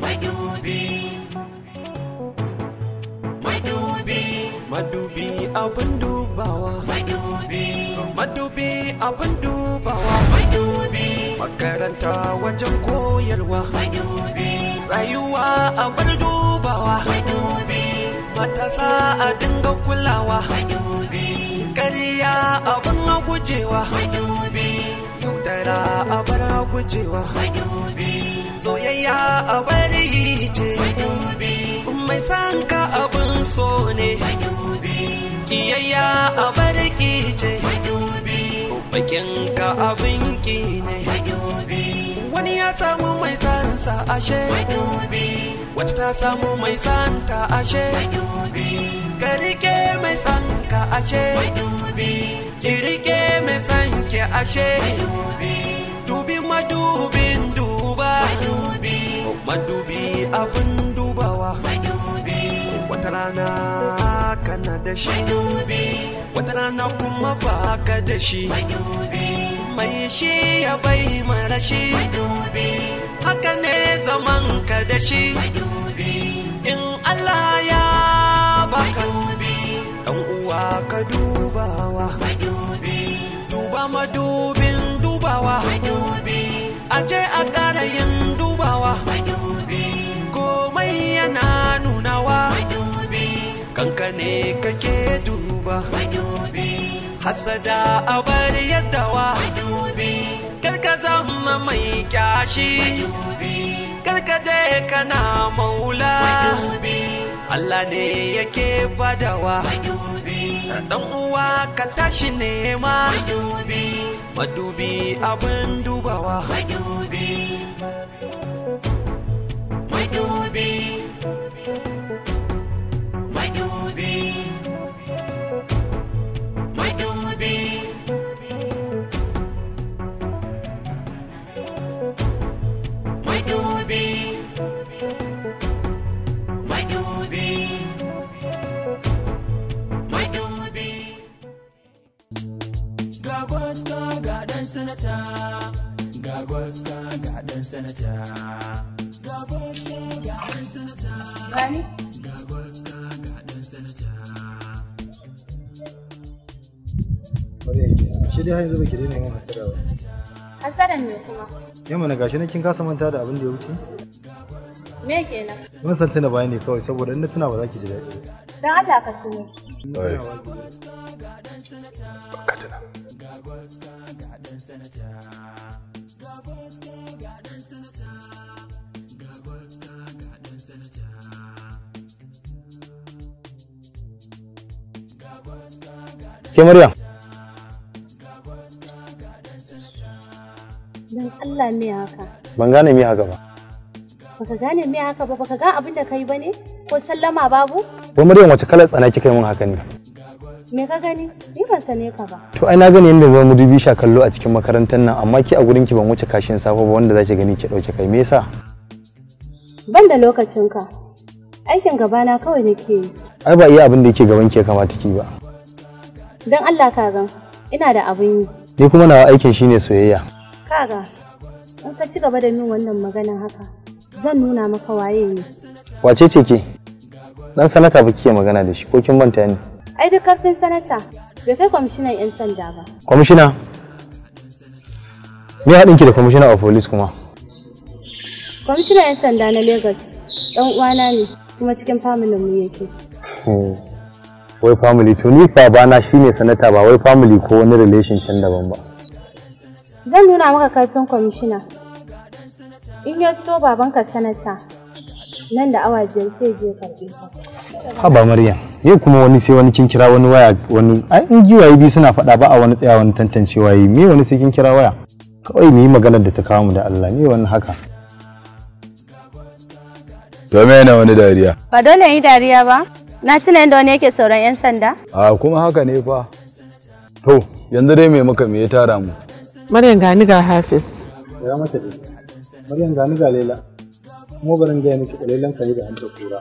Madubi Madubi Madubi abin dubawa Madubi Madubi abin dubawa Madubi Makaranta wajen koyarwa Madubi Rayuwa abin dubawa Madubi Matasa a dinga kulawa Madubi Kariya abin gujewa Madubi Yaudara abin gujewa Madubi soyayya a bari ce mai san ka abin so ne kiyayya a bari ce bakin ka abin ki ne wani ya samu mai sansa ashe wata ta samu mai sanka ashe ka rike mai san ka ashe ki rike mai sanke ki ashe dubi madubin duba madubi madubi abin dubawa madubi wata rana kana da shi madubi wata rana kuma baka da shi madubi mai shi ya bai mara shi madubi haka ne zaman ka da shi madubi in Allah ya baka madubi dan uwa ka dubawa madubi duba madubi dubawa a je a ƙara yin dubawa komai yana nunawa kanka ne kake duba hasada a bar yaddawa karka zama mai kyashi karka je kana maula Allah ne yake badawa dan uwa ka tashi nema madubi madubi abin dubawa madubi madubi yanzu ki daina yin hasara ba. Hasara ne kuma. Yamma na gashi na kin kasa manta da abin da ya wuce? Me kenan? Mun san tuna ne kawai saboda in na tuna ba za ki ji daɗi. Dan Allah ka tuno. Ai. Ka tuna. Ke Maryam. Allah ne haka ban gane me haka ba baka gane me haka ba baka ga abin da kai bane ko sallama babu ko Maryam wace kalar tsana kika yi min haka ne me ka gani ni ban sane ka ba to ai na gani yanda mu dubi sha kallo a cikin makarantar nan amma ki a gurin ki ban wuce kashin safa ba wanda zaki gani ki dauke kai me yasa ban da lokacin ka aikin gaba na kawai nake yi ai ba iya abin da yake gaban ki kamata ki ba dan Allah ka ga ina da abin yi ni kuma na aikin shine soyayya kaga in ka ci gaba da nuna wannan magana haka zan nuna maka waye ne wace ce ke dan sanata ba kike magana da shi ko kin manta ne ai duk karfin sanata bai kai kwamishinan yan sanda ba kwamishina me haɗin ki da kwamishina a police kuma kwamishinan yan sanda na lagos dan uwana ne kuma cikin family mu yake hmm. wai family to ni fa na shine sanata ba wai family ko wani relation can daban ba Zan nuna maka karfin kwamishina. In ya so babanka sanata nan da awa biyar sai je karɓe Haba Maryam, yau kuma wani sai wani kin kira wani waya wani ai in giwaye biyu suna faɗa ba a wani tsaya wani tantancewa yi me wani sai kin kira waya. Kawai mu yi maganar da ta kawo mu da Allah ne wani haka. Domin yana wani dariya. Ba dole yi dariya ba. Na tuna yadda wani yake sauran 'yan sanda? A kuma haka ne fa. To, yanzu dai me muka me ya tara mu? Maryam gani ga Hafiz. Ya mata dai. Maryam gani ga Laila. Kuma barin gaya miki kalilan kai da hanta kura.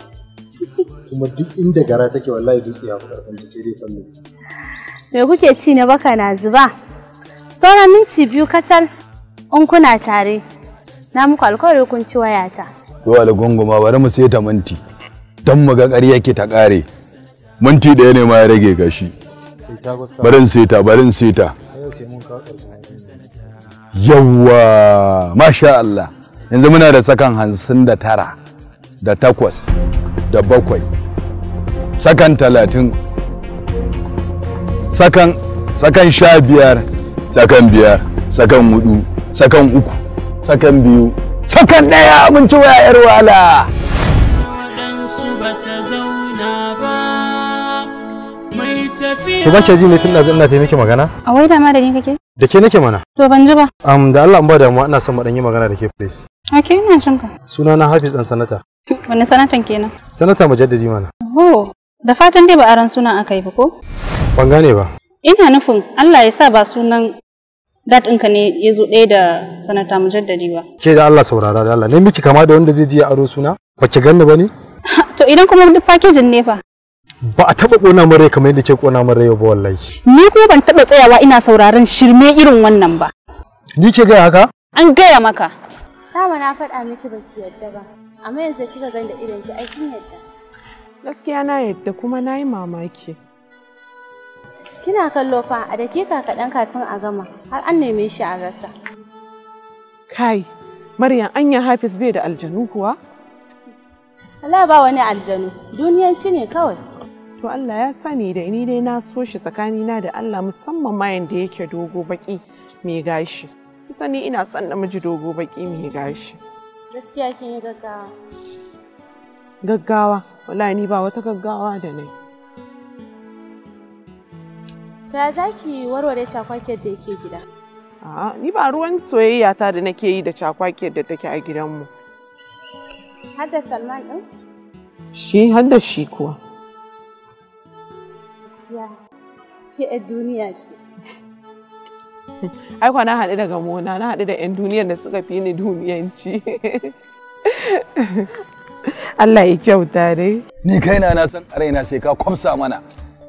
Kuma duk inda gara take wallahi dutse ya karfin ta sai dai fanni. Me kuke ci na baka na zuba? Sauran minti biyu kacal in kuna tare. Na muku alkawari kun ci wayata. Dole gunguma bari mu sai ta minti. Dan mu ga ƙarya ke ta ƙare. Minti ɗaya ne ma ya rage gashi. Barin seta, barin seta. yawwa masha Allah yanzu muna da sakan hansun da tara da takwas da bakwai sakan talatin sakan sakan sha biyar sakan biyar sakan hudu sakan uku sakan biyu sakan ɗaya mun ci wa 'yar wala Ke ba ke ji ne tun da ina ta miki magana? A wai da ma da ni kake? Da ke nake mana. To ban ji ba. Um da Allah an ba damuwa ina son mu yi magana da ke please. Ok ina jin ka. Suna na Hafiz dan sanata. Wani sanatan kenan? Sanata mujaddidi mana. Oh da fatan dai ba aran suna aka yi ba ko? Ban gane ba. Ina nufin Allah ya sa ba sunan dat ɗinka ne ya zo ɗaya da sanata mujaddadi ba. Ke da Allah saurara da Allah ne miki kama da wanda zai ji ya aro suna? Ba ki ganni ba ne? To idan kuma duk fakejin ne fa. ba a taba kona mun rai kamar yadda ke kona mun rai ba wallahi ni kuma ban taba tsayawa ina sauraron shirme irin wannan ba ni ke gaya haka an gaya maka dama na faɗa miki ba ki yadda ba amma yanzu kika ga da irin ki aikin yadda gaskiya na yadda kuma na yi mamaki kina kallo fa a dakika kaɗan kafin a gama har an neme shi an rasa kai maryam anya hafiz bai da aljanu kuwa Allah ba wani aljanu duniyanci ne kawai to Allah ya sani da ni dai na so shi tsakanina da Allah musamman ma yanda yake dogo baki mai gashi kusa ina son namiji dogo baki mai gashi gaskiya ke yi gaggawa gaggawa wallahi ni ba wata gaggawa da nai ta za ki warware cakwakiyar da yake gida a'a ni ba ruwan soyayya ta da nake yi da cakwakiyar da take a gidanmu har da salman din shi har da shi kuwa Safiya, ke na haɗu da gamona, na haɗu da ‘yan duniyar da suka fi ni duniyanci. Allah ya kyauta dai. Ni kaina na san a na sai ka kwamsa mana.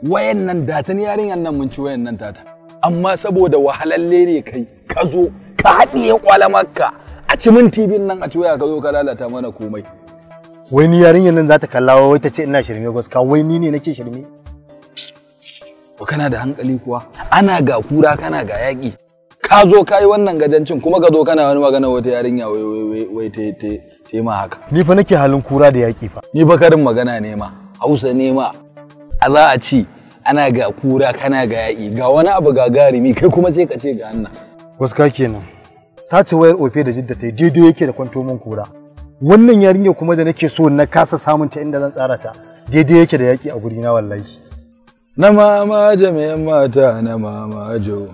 Wayan nan datan yarinyar nan mun ci wayan nan datan. Amma saboda wahalalle ne kai ka zo ka haɗiye kwalamarka a ci min tibin nan a ci waya ka zo ka lalata mana komai. Wai ni yarinyar nan za ta wai ta ce ina shirme gwaska wai ni ne nake shirme. to kana da hankali kuwa ana ga kura kana ga yaƙi ka zo ka yi wannan gajancin kuma ka zo kana wani magana wata yarinya wai wai wai te te te ma haka ni fa nake halin kura da yaƙi fa ni fa karin magana ne ma hausa ne ma a za a ci ana ga kura kana ga yaƙi ga wani abu ga garimi. kai kuma sai ka ce ga annan waska kenan sace wayar ofe da jidda ta daidai yake da kwantomin kura wannan yarinya kuma da nake so na kasa samun ta inda zan tsara ta daidai yake da yaƙi a gurina wallahi na mamaje mai mata na mamajo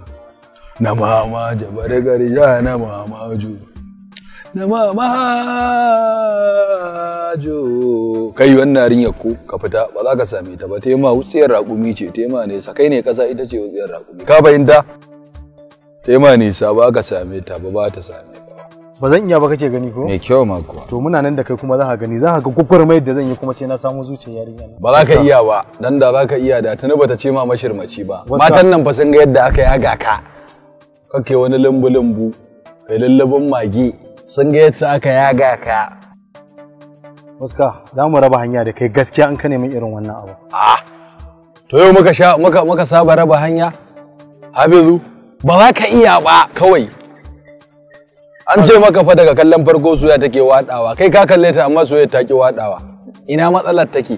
na mamaje bari ya na mamajo na mamajo kai wannan yarinya ko ka fita ba za ka same ta ba tema wutsiyar raƙumi ce tema ne sakai ne kasa ita ce wutsiyar raƙumi ka fahimta tema nisa ba ka same ta ba ba ta same ta. ba zan iya ba kake gani ko mai kyau ma kuwa to muna nan da kai kuma za ka gani za ka ga mai da zan yi kuma sai na samu zuciyar yarinya ba za ka iya ba dan da za ka iya da tuni bata ce ma mashirmaci ba matan nan fa sun ga yadda aka yi aga ka kake wani lambu lambu kai lallabin magi sun ga yadda aka yi aga ka Muska, za mu raba hanya da kai gaskiya an ka neman irin wannan abu. Ah, to yau muka sha muka muka saba raba hanya? Habibu, ba za ka iya ba kawai an ce maka fa daga kallon farko suya take waɗawa kai ka kalle ta amma soyayya ta ki wadawa ina matsalar take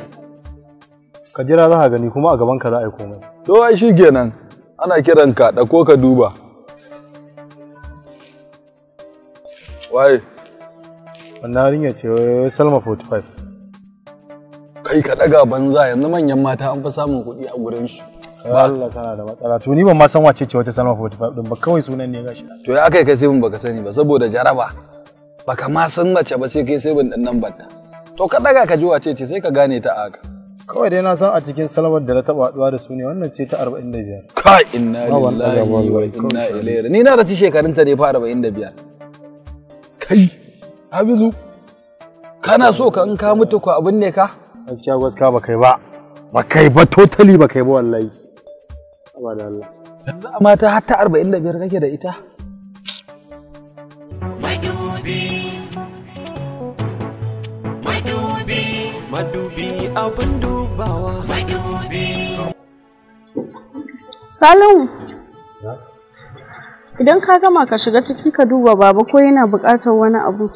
ka jira za ka gani kuma a gaban ka za a yi komai to ai kenan. ana kiran ka da ka duba waye wannan yarinya ce Salma 45 kai ka ɗaga banza yanzu manyan mata an fi samun kuɗi a gurin su Allah kana da matsala to ni ban ma san wace ce wata Salma 45 din ba kawai sunan ne gashi to ya akai kai sai baka sani ba saboda jaraba baka ma san mace ba sai kai sai ban din nan batta to ka daga ka ji wace ce sai ka gane ta aka. kawai dai na san a cikin salmar da na taɓa haɗuwa da su ne wannan ce ta 45 ka inna lillahi wa inna ilaihi ni na da ci shekarun ta ne fa 45 kai habizu kana so ka in ka mutu ko abin ne ka gaskiya gaskiya ba kai ba ba kai ba totally ba kai ba wallahi Yanzu a mata har ta arba'in da biyar kake da ita? Madubi, madubi, madubi abin dubawa. Madubi. Salihu. Idan ka gama ka shiga ciki ka duba baba ko yana buƙatar wani abu.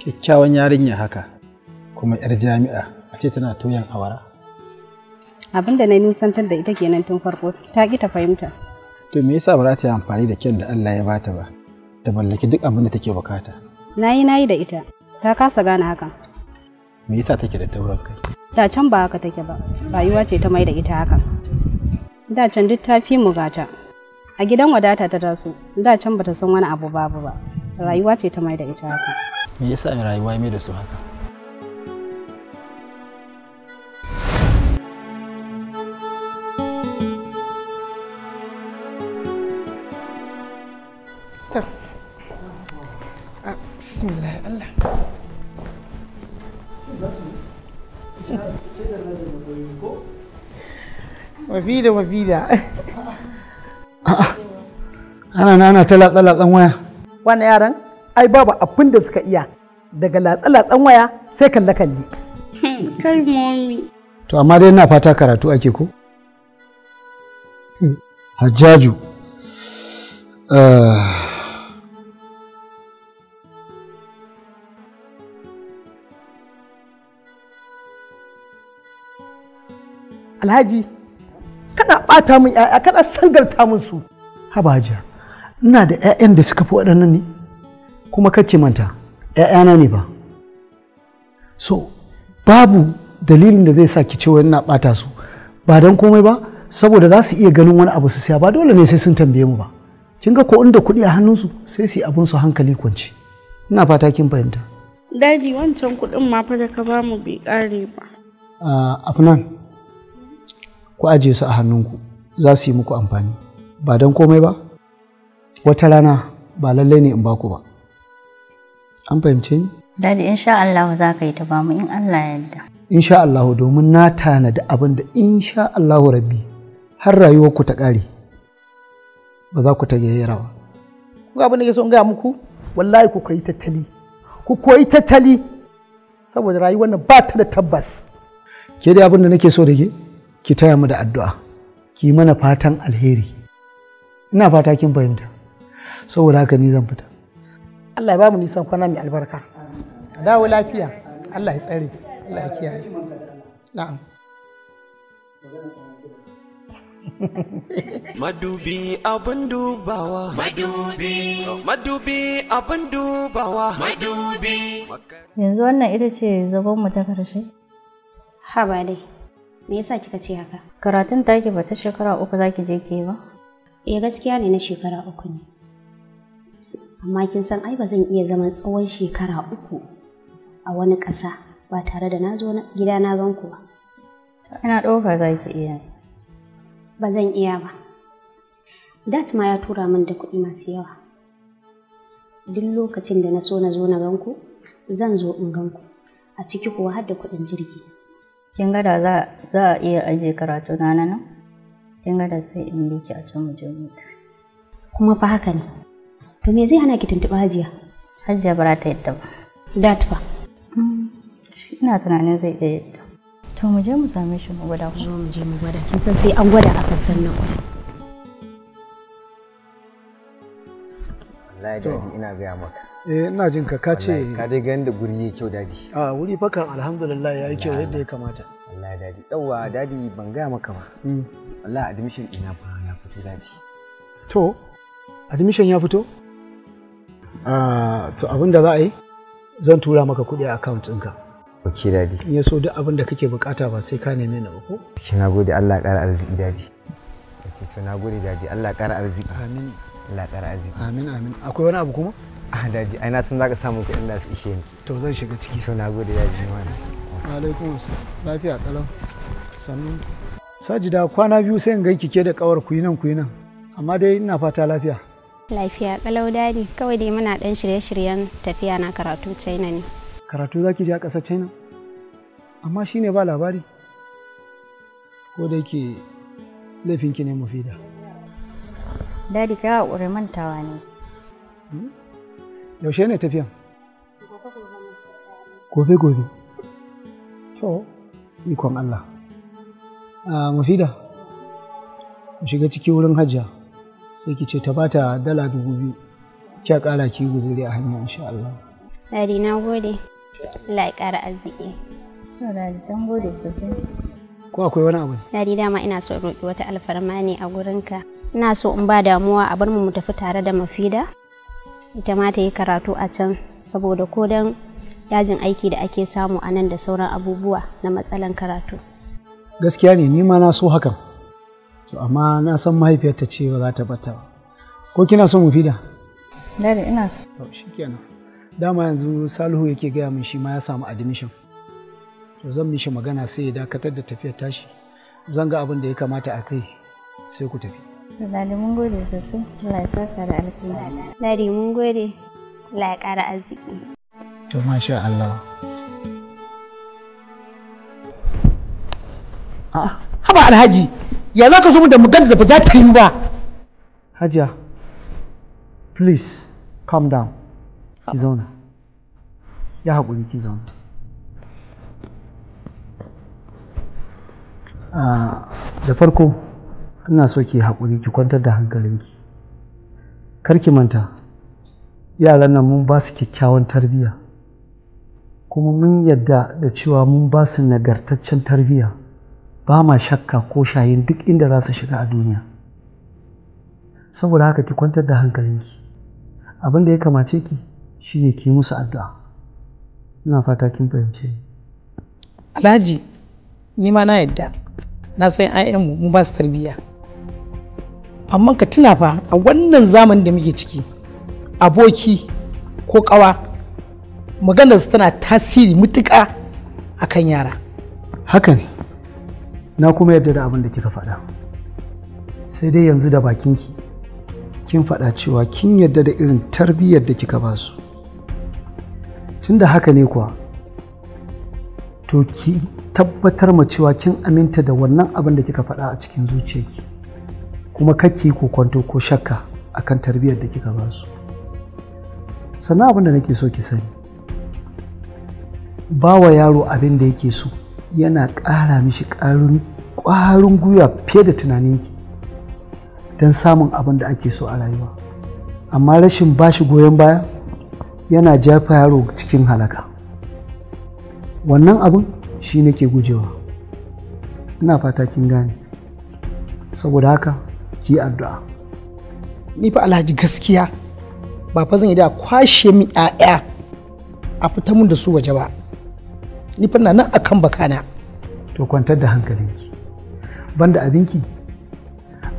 kyakkyawan yarinya haka kuma 'yar jami'a a ce tana tuyan awara abin da na nusantar da ita kenan tun farko ta ƙi ta fahimta to me yasa ba za ta yi amfani da kyan da Allah ya bata ba ta mallaki duk abin da take bukata na yi da ita ta kasa gane hakan me yasa take da tauran kai da can ba haka take ba rayuwa ce ta mai da ita hakan da can duk ta fi mu gata a gidan wadata ta taso da can bata san wani abu babu ba rayuwa ce ta mai da ita haka me yasa rayuwa mai da su haka ah, bismillah Allah wabida wabida ana na ana talatsa latsan waya wannan yaran ai babu abin da suka iya daga latsa-latsan waya sai kalle-kalle. Kai mami. To amma dai ina fata karatu ake ko? Hajjaju. Ah. Alhaji, kana ɓata min ‘ya'ya, kana sangarta min su. Haba ina da ‘ya'yan da suka fi waɗannan ne? kuma kake manta ‘ya'yana ne ba so babu dalilin da zai sa ki cewa yana ɓata su ba don komai ba saboda za su iya ganin wani abu su saya ba dole ne sai sun tambaye mu ba kin ga ko inda kuɗi a hannunsu sai su yi abin su hankali kwance ina fata kin fahimta dadi wancan kuɗin ma fa da ka ba mu bai ƙare ba a afnan ku ajiye su a hannunku za su yi muku amfani ba don komai ba wata rana ba lallai ne in ba ku ba an fahimce ni dadi insha Allah za ka yi ta ba mu in Allah ya yarda insha Allah domin na tanadi abin da insha Allah rabbi har rayuwar ku ta kare ba za ku ta yi rawa. ku abin da ke so in ga muku wallahi ku koyi tattali ku koyi tattali saboda rayuwar nan ba ta da tabbas ke dai abin da nake so da ke ki taya mu da addu'a ki mana fatan alheri ina fata kin fahimta saboda haka ni zan fita Allah ya ba mu nisan kwana mai albarka a dawo lafiya Allah ya tsare Allah ya kiyaye na'am Madubi abin dubawa. Madubi. Madubi abin dubawa. Madubi. Yanzu wannan ita ce zaban mu ta karshe? Ha ba dai. Me yasa kika ce haka? Karatun taki ba ta shekara uku zaki je ke ba? Eh gaskiya ne na shekara uku ne. amma kin san ai ba zan iya zaman tsawon shekara uku a wani ƙasa ba tare da na zo gida na gan ku ba. Ina ɗaukar za ki iya. Ba zan iya ba. Dat ma ya tura min da kuɗi masu yawa. Duk lokacin da na so na zo na gan ku, zan zo in gan ku. A ciki kuwa har da kuɗin jirgi. Kin ga da za a iya ajiye karatu na nan? Kin ga da sai in biki a can mu je mu. Kuma fa haka ne. To me zai hana ki tuntuɓi Hajiya? Hajiya ba ta yadda ba. Dat ba. Mm, ina tunanin zai iya yadda. To mu je mu same shi mu gwada. Zo mu je mu gwada. Kin san sai an gwada akan sannan. Wallahi dadi ina gaya maka. Eh ina jin ka ka ce. Ka dai ganin da guri yake kyau dadi. A ah, wuri fakan alhamdulillah yi kyau yadda ya kamata. Wallahi dadi. Yawwa dadi ban gaya maka ba. Mm. Wallahi admission ina ba ya fito dadi. To admission ya fito? Ah, to abin da za a yi zan tura maka kuɗi a account ɗinka Oke dadi in ya so duk abin da kake bukata ba sai ka neme na ba ko ki na gode Allah ya ƙara arziki dadi Oke to na gode dadi Allah ya ƙara arziki amin Allah ya ƙara arziki amin amin akwai wani abu kuma ah daji ai na san zaka samu kuɗin da su ishe ni to zan shiga ciki to na gode daji ma na alaikum assalam lafiya kalau sannu sajida kwana biyu sai in ganki ke da kawar ku nan ku nan amma dai ina fata lafiya Lafiya kalau dadi kawai dai muna dan shirye-shiryen tafiya na karatu China ne. Karatu za ki je a ƙasar China? Amma shi ne ba labari. Ko da yake laifinki ne mafida. Dadi ka haƙuri mantawa ne. Hmm? Yaushe ne tafiya. Gobe gobe. To, ikon Allah. Ah, mafida. mu shiga ciki wurin hajjia. sai ki ce ta bata dala dubu biyu kya kara ki guzuri a hanya insha Allah Dari na gode Allah ya kara arziki Dari dan gode sosai ko akwai wani abu Dari dama ina so in roki wata alfarma ne a gurinka ina so in ba damuwa a bar mu mu tafi tare da mafida ita ma ta yi karatu a can saboda ko dan yajin aiki da ake samu a nan da sauran abubuwa na matsalan karatu gaskiya ne ni ma na so hakan to amma na san mahaifiyarta ce ba za ta bata ba ko kina so mu fida dare ina so to shikenan dama yanzu salihu yake gaya min shi ma ya samu admission to zan mishi magana sai ya dakatar da tafiyar tashi zan ga abin da ya kamata a kai sai ku tafi Ladi mun gode sosai, Allah ya saka da alkhairi. Ladi mun gode, Allah ya kara arziki. To masha Allah. A'a, ah, haba alhaji, ya za ka zo da magana da ba za ta yi ba hajiya please calm down ki zauna ya haƙuri ki zauna ah, da farko ina so ki haƙuri ki kwantar da hankalinki kar ki manta yaran nan mun ba su kyakkyawan tarbiyya kuma mun yadda da cewa mun ba su nagartaccen tarbiyya ba ma shakka ko shayin duk inda za su shiga a duniya saboda haka ki kwantar da hankalinki abin da ya kamace ki shine ki musu addu'a ina fata kin fahimce ni alhaji ni ma na yadda na san 'ya'yanmu mu ba su tarbiyya amma ka tuna fa a wannan zamanin da muke ciki aboki ko kawa su tana tasiri mutuƙa akan yara haka ne na kuma yarda da abin da kika faɗa sai dai yanzu da bakinki kin faɗa cewa kin yarda da irin tarbiyyar da kika ba su tunda haka ne kuwa to ki tabbatar ma cewa kin aminta da wannan abin da kika faɗa a cikin zuciyarki kuma yi ko kwanto ko shakka akan tarbiyyar da kika ba su sannan abin da nake so ki sani ba wa yaro abin da yake so yana ƙara mishi ƙarin ƙwarin gwiwa fiye da tunaninki don samun abin da ake so a rayuwa amma rashin bashi goyon baya yana jafa yaro cikin halaka wannan abin shi nake gujewa ina fata kin gane saboda haka ki addu'a ni fa alhaji gaskiya ba fa zan yi da kwashe min 'ya'ya a fita mun da su waje ba ni fa a kan baka bakana to kwantar da hankalinki banda abinki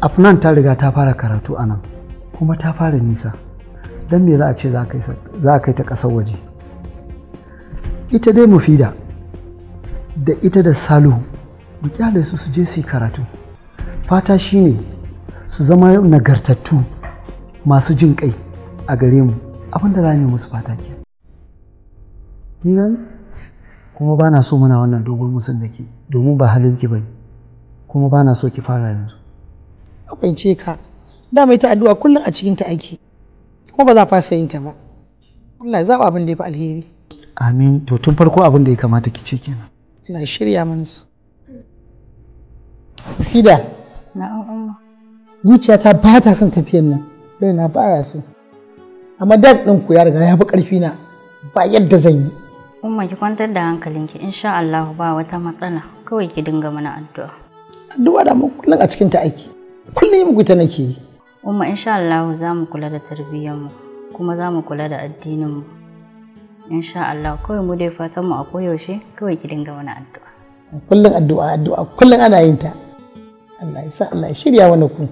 afnan ta riga ta fara karatu a nan kuma ta fara nisa don me za a ce za a kai ta ƙasar waje ita dai mufida da ita da salihu mu kyale su su je su yi karatu fata shi ne su zama nagartattu masu jin kai a gare mu abinda za mu musu fata ke kuma ba na so muna wannan dogon musul da ke domin ba halin ki bane kuma ba na so ki fara yanzu Akwai fahimce ka da mai ta addu'a kullum a cikin ta aiki kuma ba za fasa yin ta ba Allah ya zaba abin da ya fi alheri amin to tun farko abin da ya kamata ki ce kenan ina shirya mana su fida Zuciya amma ba ta son tafiyar nan na ba ya so amma dad ɗin ku ya riga ya fi ƙarfi na ba yadda zan yi Umma ki kwantar da hankalinki insha Allah ba wata matsala kawai ki dinga mana addu'a. Addu'a da mu kullum a cikin ta aiki. Kullum mu ta nake yi. Umma insha Allah za mu kula da tarbiyyar mu kuma za mu kula da addinin mu. Insha Allah kawai mu dai fatan mu a koyaushe kawai ki dinga mana addu'a. Kullum addu'a addu'a kullum ana yin ta. Allah ya sa Allah ya shirya wani ku.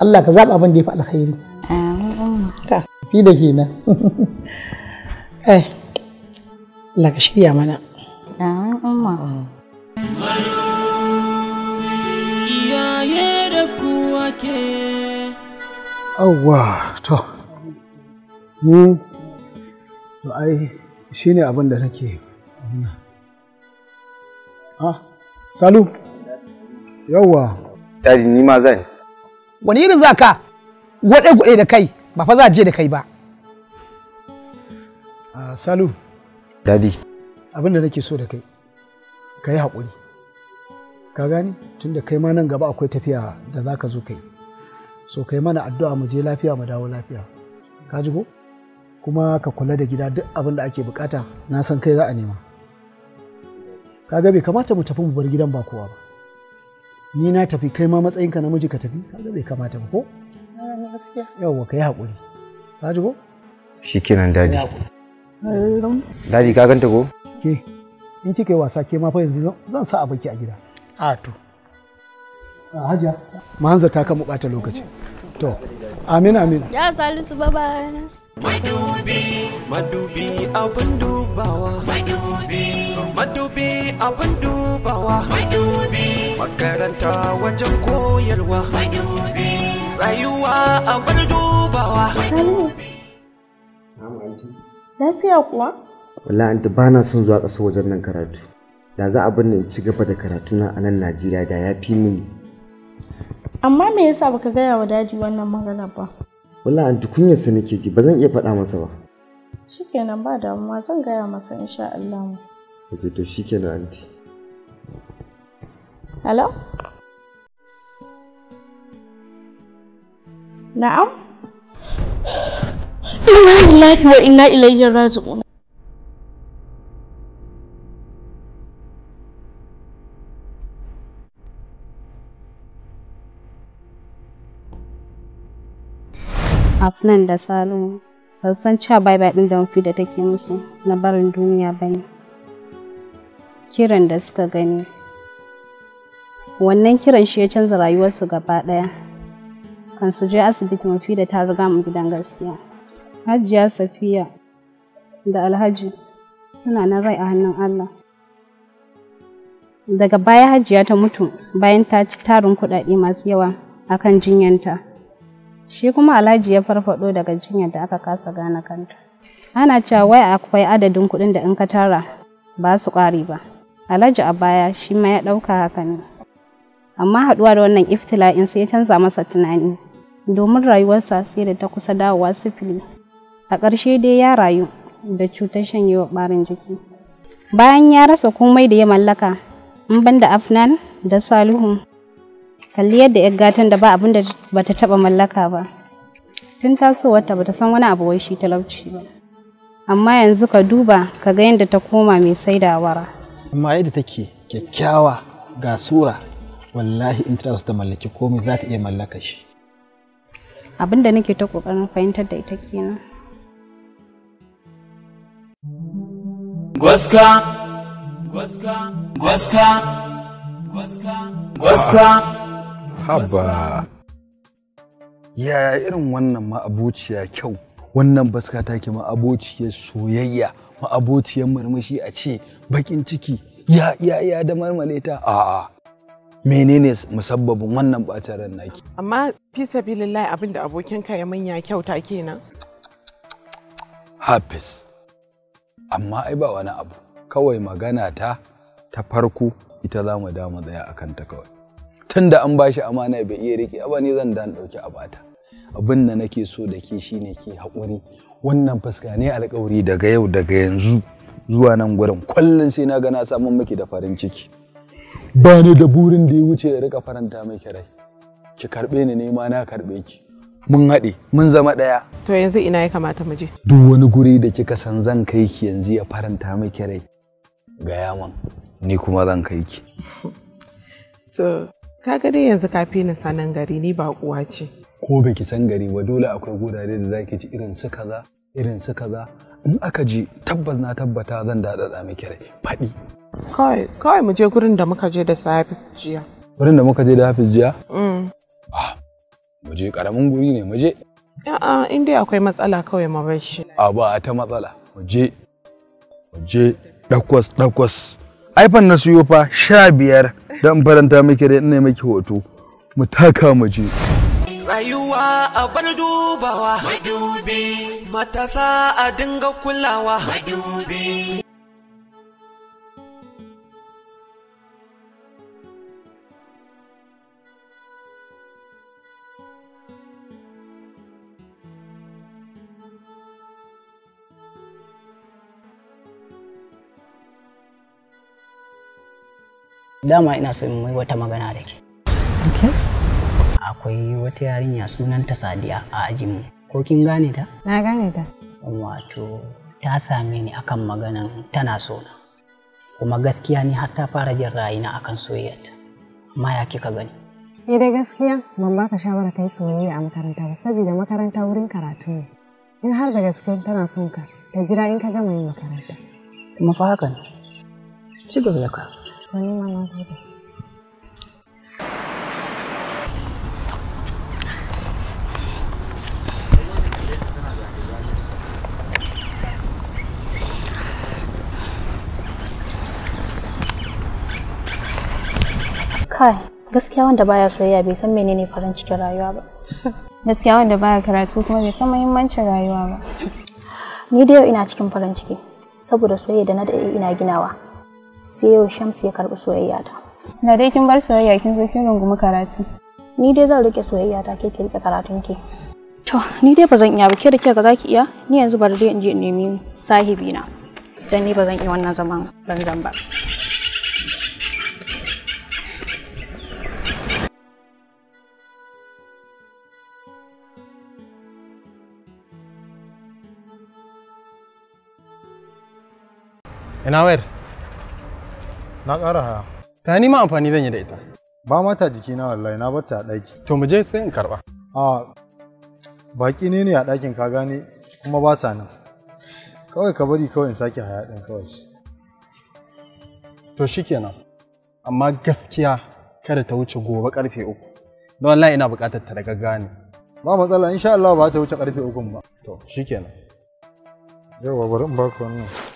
Allah ka zaba abin da ya fi alkhairi. Amin. Ka fi da kenan. Eh. Allah ka shirya mana. Awa to. Mu to ai shi ne abin da nake nuna. Ah, Salu. Yawwa. Dadi ni ma zai. Wani irin za ka? Gwaɗe-gwaɗe da kai, ba fa za a je da kai ba. Ah, Salu. Dadi. Abin da nake so da kai, ka yi haƙuri. Ka gani? Tunda kai ma nan gaba akwai tafiya da za ka zo kai. So kai mana addu'a mu je lafiya mu dawo lafiya. Ka ji ko? Kuma ka kula da gida duk abin da ake bukata na san kai za a nema. Ka ga bai kamata mu tafi mu bar gidan ba kowa ba. Ni na tafi kai ma matsayinka namiji ka tafi, ka ga bai kamata ba ko? Gaskiya. Yawwa kai haƙuri. Ka ji ko? Shikenan dadi. Eh, Dadi ka ganta ko? Ke, in kika yi wasa ke ma fa yanzu zan sa a baki a gida. A to. Hajiya. ta kama bata lokaci. To, amin amin. Ya salisu baba ba. Madubi, madubi abin dubawa. Madubi, madubi abin dubawa. Madubi, makaranta wajen koyarwa. Madubi, rayuwa abin dubawa. Madubi. Lafiya kuwa? Wala anti ba son zuwa ƙasa wajen nan karatu. Da za a bar ni in ci gaba da karatu na a nan Najeriya da ya fi mini. Amma me yasa baka gaya wa daji wannan magana ba? Wala anti kunyarsa nake ji ba zan iya faɗa masa ba. Shikenan ba damuwa zan gaya masa insha Allah. Okay to shikenan anti. Hello? Na'am? Inna lillahi wa inna ilaihi raji'un. Afnan da Salimu ba san cewa bai bai din da mafi da take musu na barin duniya ba ne. Kiran da suka gani. Wannan kiran shi ya canza rayuwarsu gaba ɗaya. Kan su je asibiti mafi da ta riga mu gidan gaskiya. Hajiya Safiya da Alhaji suna nan rai a hannun Allah. Daga baya Hajiya ta mutu bayan ta ci tarin kuɗaɗe masu yawa a kan jinyanta. Shi kuma Alhaji ya farfaɗo daga jinyar da aka kasa gane kanta. Ana cewa wai akwai adadin kuɗin da in ka tara ba su ƙwari ba. Alhaji a baya shi ma ya ɗauka haka ne. Amma haɗuwa da wannan iftila'in sai ya canza masa tunani. Domin rayuwarsa sai da ta kusa dawowa sifili a ƙarshe dai ya rayu da cutar shanyewa ɓarin jiki bayan ya rasa komai da ya mallaka in ban da afnan da salihu kalli yadda yar gatan da ba abin da bata taɓa mallaka ba tun tasowarta ta san wani abu wai shi talauci ba amma yanzu ka duba ka ga yadda ta koma mai saida-wara. amma yadda take kyakkyawa ga sura wallahi in tana ta mallaki komai za ta iya mallaka shi abin da nake ta kokarin fahimtar da ita kenan gwaska gwaska gwaska gwaska gwaska haba yaya irin wannan ma'abociya kyau wannan baska take ma'abociyar soyayya ma'abociyar murmushi a ce bakin ciki ya ya ya da marmale ta a'a menene musabbabin wannan bacin ran naki amma fi sabilillahi abinda abokinka ya manya kyauta kenan hafiz amma ai ba wani abu kawai magana ta ta farko ita za mu dama tsaya a kanta kawai tun da an bashi amana bai iya riƙe ba ni zan dan ɗauki a bata abin da nake so da ke shine ke haƙuri wannan fuska ne alƙawari daga yau daga yanzu zuwa nan gurin kullum sai na gana samun miki da farin ciki ba ni da burin da ya wuce ya rika faranta miki rai ki karɓe ni ne ma na karɓe ki mun haɗe mun zama ɗaya. To yanzu ina ya kamata mu je. Duk wani guri da kika san zan kai ki yanzu ya faranta miki rai ga yaman ni kuma zan kai ki. To ka ga dai yanzu kafi na sanan gari ni ba kuwa ce. Ko baki san gari ba dole akwai gurare da zaki ji irin su kaza irin su kaza in aka ji tabbas na tabbata zan daɗaɗa miki rai faɗi. Kawai kawai mu je gurin da muka je da Safis jiya. Gurin da muka je da Safis jiya? Mm. Ah, mu je karamin guri ne mu je a'a in dai akwai matsala kawai mu bar shi a ba ta matsala mu je mu je dakwas dakwas ai fan na siyo fa sha biyar don faranta miki da ina miki hoto mu taka mu je rayuwa a bar dubawa madubi matasa a dinga kulawa madubi dama ina so in mai wata magana da ke akwai wata yarinya sunanta sadiya a ajinmu ko kin gane ta na gane ta wato ta same ni akan maganan tana so na kuma gaskiya ni har ta fara jin ra'ayina akan soyayyarta amma ya kika gani ni eh, da gaskiya ban baka shawara kai soyayya a makaranta ba saboda makaranta wurin karatu ne in har da gaske tana son ka ta jira in ka gama yin makaranta kuma fa haka ne ci gaba da ka Kai, gaskiya wanda baya soyayya bai san menene farin cikin rayuwa ba. Gaskiya wanda baya karatu kuma bai san muhimmancin rayuwa ba. Ni da yau ina cikin farin ciki saboda soyayya da na da ina ginawa. sai yau Shamsu ya karɓi soyayya ta. Na dai kin bar soyayya kin zo kin rungumi karatu. Ni dai zan rike soyayya ta ke ki karatun ki. To ni dai ba zan iya ba ke da ke ga zaki iya ni yanzu bari dai in je in nemi sahibi na. Dan ni ba zan iya wannan zaman banzan ba. Ina wayar? Na ƙara haya. Ta ni ma amfani zan yi da ita. Ba mata jiki na wallahi na bata a ɗaki. To mu je sai in karɓa. A baki ne ne a ɗakin ka gane kuma ba sa nan. Kawai ka bari kawai in sake haya ɗin kawai. To shikenan. Amma gaskiya kada ta wuce gobe karfe uku. Don wallahi ina buƙatar ta daga gane. Ba matsala insha Allah ba ta wuce karfe ukun ba. To shikenan. Yau bari in baka wannan.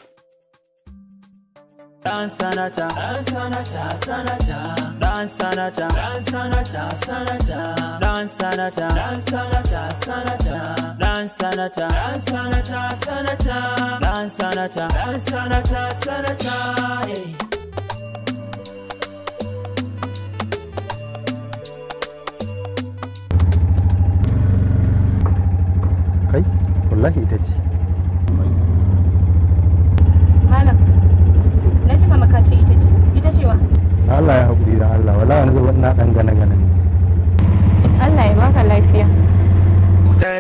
Dan sanata, dan sanata, sanata, dan sanata, dan sanata, sanata, dan sanata, dan sanata, sanata, dan sanata, dan sanata, sanata, dan sanata, dan sanata, sanata. Hey. wallahi ita ce wala yanzu wannan dan gane gane Allah ya baka lafiya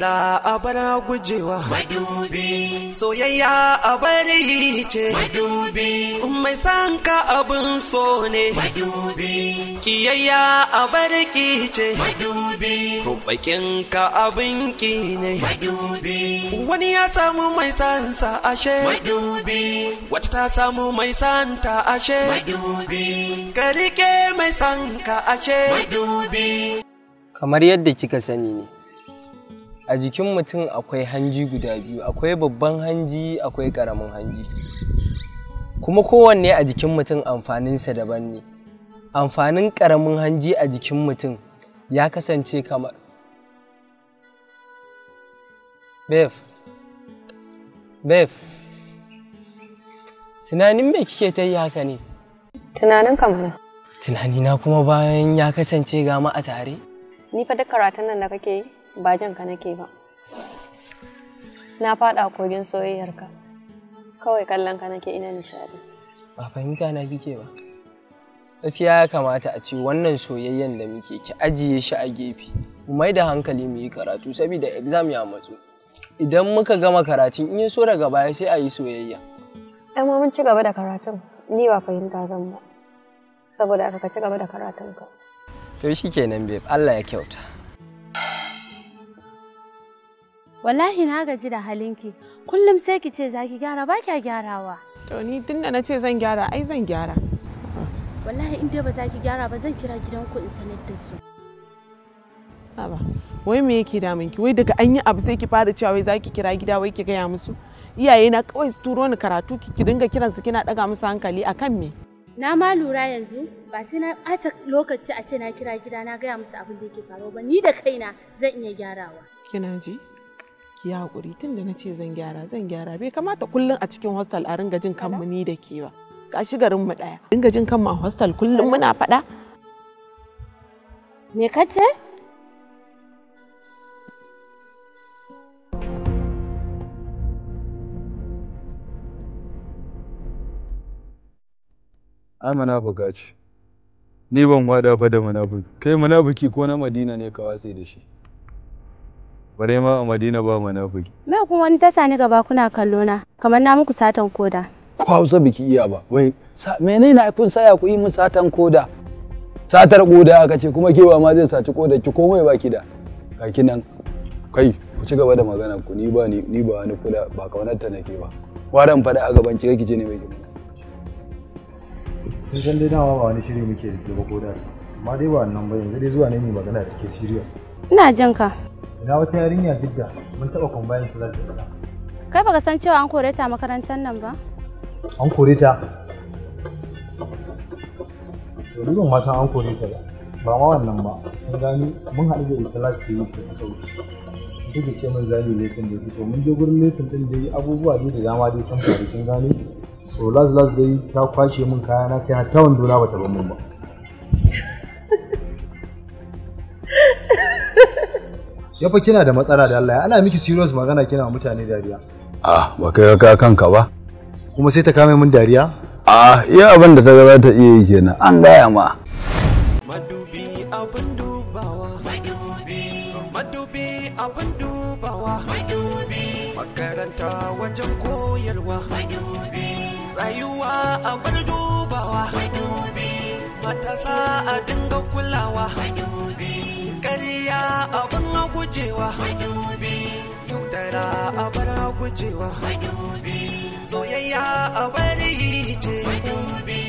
Matsala a bara gujewa. Madubi. Soyayya a bari ce. Madubi. Mai san ka abin so ne. Madubi. Kiyayya a bari ki ce. Madubi. Bakin ka abin ki ne. Madubi. Wani ya samu mai sa ashe. Madubi. Wata ta samu mai santa ashe. Madubi. Ka mai san ka ashe. Madubi. Kamar yadda kika sani ne. a jikin mutum akwai hanji guda biyu akwai babban hanji akwai ƙaramin hanji kuma kowanne a jikin mutum amfaninsa daban ne amfanin ƙaramin hanji a jikin mutum ya kasance kamar bef bef tunanin me kike ta yi haka ne tunanin kamar tunanina kuma bayan ya kasance gama a tare ni fa duk karatun nan da kake yi ba jan ka nake ba na faɗa kogin soyayyarka kawai kallon ka nake ina nishadi ba fahimta na kike ba gaskiya ya kamata a ce wannan soyayyen da muke ki ajiye shi a gefe mu mai da hankali mu yi karatu saboda exam ya matsu idan muka gama karatun in so daga baya sai a yi soyayya ai ma mun ci gaba da karatun ni ba fahimta zan ba saboda aka ci gaba da karatun ka to shikenan babe Allah ya kyauta wallahi na gaji da halinki kullum sai ki ce za ki gyara ba kya gyarawa to ni tun da na ce zan gyara ai zan gyara wallahi in dai ba za ki gyara ba zan kira gidanku in sanar da su Aba, wai me yake damun ki? Wai daga an yi abu sai ki fara cewa wai za ki kira gida wai ki gaya musu? Iyaye na kawai su turo ni karatu ki ki dinga kiransu kina daga musu hankali akan me? Na ma lura yanzu ba sai na ata lokaci a ce na kira gida na gaya musu abin da yake faruwa ba ni da kaina zan iya gyarawa. Kina ji? ki haƙuri tun da na ce zan gyara zan gyara bai kamata kullum a cikin hostel a ringa jin kanmu ni da ke ba shi garin mu ɗaya ringa jin kanmu a hostel kullum muna faɗa me ka ce ai munafuka ce ni ban wada fa da munafuki kai ki ko na madina ne ka watse da shi bare ma a madina ba munafiki me kuma wani tasa ni gaba kuna kallo na kamar na muku satan koda ku hausa biki iya ba wai menene na kun saya ku yi mu satan koda satar koda aka ce kuma ba ma zai saci koda ki komai baki da kaki nan kai ku ci gaba da magana ku ni ba ni ni ba wani kula ba kaunar ta nake ba waran fada a gaban ki kike ne mai kin san dai dawa ba wani shiri muke da ke ba koda sa amma dai ba wannan ba yanzu dai zuwa ne mai magana da ke serious ina jin ka ina wata yarinya jidda mun taba combined class da ita kai baka san cewa an kore ta makarantar nan ba an kore ta to ban san an kore ta ba ba ma wannan ba kun gani mun haɗu da ita da week da suka wuce take ce mun zami lesson da to mun je gurin lesson din da abubuwa dai da dama dai san faru kin gani so last last dai ta kwashe mun kaya na kai ta wando na bata ban mun ba ya fa kina da matsala da Allah ana miki serious magana kina mutane dariya ah ba kai ka kanka ba kuma sai ta kame min dariya ah iya abin da ta ga ta iya yi kenan an gaya ma madubi abin dubawa madubi madubi abin dubawa madubi makaranta wajen koyarwa madubi rayuwa abin dubawa madubi matasa a dinga kulawa madubi yaudara abin a gujewa madubi yaudara abin a gujewa soyayya a bari ce madubi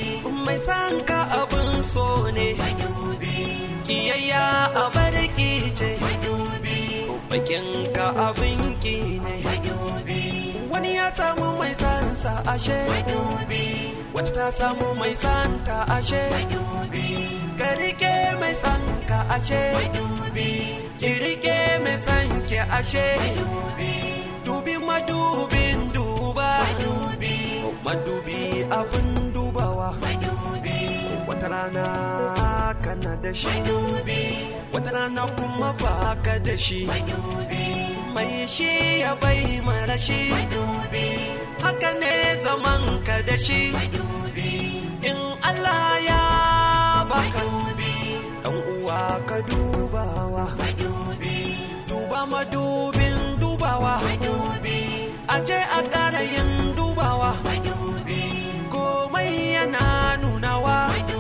mai san ka abin so ne madubi kiyayya a bari ce madubi bakin ka abin ki ne madubi wani ya samu mai sansa ashe madubi wata ta samu mai santa ashe madubi karike mai sanka ashe dubi kirike mai tsanke ashe dubi madubin duba madubi oh, abin dubawa wata rana kana da shi wata rana kuma baka da shi mai shi ya bai mara shi haka ne zaman ka da shi in Allah ya baba dubi dan uwa ka dubawa duba madubin dubawa a je a karayin dubawa dubi komai yana nunawa